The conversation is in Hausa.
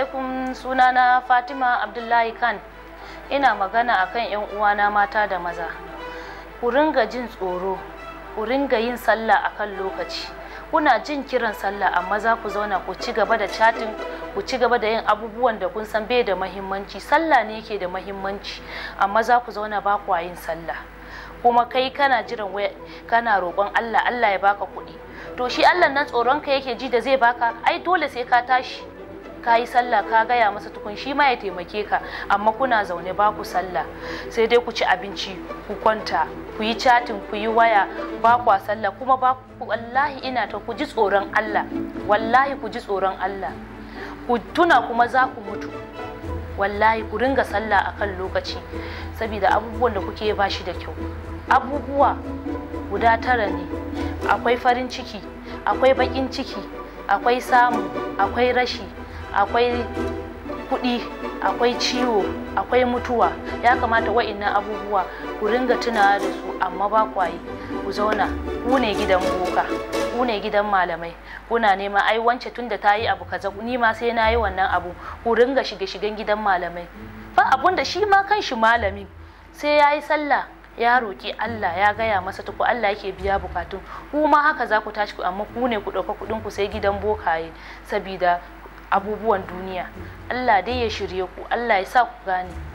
alaikum sunana Fatima Abdullahi Khan ina magana akan yan uwana mata da maza ku ringa jin tsoro ku ringa yin sallah akan lokaci kuna jin kiran sallah amma za ku zauna ku ci gaba da chatting ku ci gaba da yin abubuwan da kun san bai da mahimmanci sallah ne ke da mahimmanci amma za ku zauna ba ku yin sallah kuma kai kana jiran waya kana roƙon Allah Allah ya baka kuɗi to shi Allah nan tsoron ka yake ji da zai baka ai dole sai ka tashi ka yi sallah ka gaya masa tukun shi ma ya taimake ka amma kuna zaune ba ku sallah sai dai ku ci abinci ku kwanta ku yi chatin ku yi waya ba ku sallah kuma ba ku wallahi ina ta ku ji tsoron Allah wallahi ku ji tsoron Allah ku tuna kuma za ku mutu wallahi ku ringa sallah akan lokaci saboda abubuwan da kuke ba shi da kyau abubuwa guda tara ne akwai farin ciki akwai bakin ciki akwai samu akwai rashi akwai kuɗi akwai ciwo akwai mutuwa ya kamata wa'innan abubuwa ku ringa tunawa da su amma ba kwayi ku zauna ku ne gidan boka ku ne gidan malamai kuna nema ai wance tunda ta yi abu kaza ni ma sai na yi wannan abu ku ringa shige shigen gidan malamai fa abun da shi ma kan shi malami sai ya yi sallah ya roƙi Allah ya gaya masa tuku Allah yake biya bukatun ku ma haka za ku tashi amma ku ne ku ɗauka kuɗin ku sai gidan bokaye sabida abubuwan duniya Allah dai ya shirye ku Allah ya sa ku gane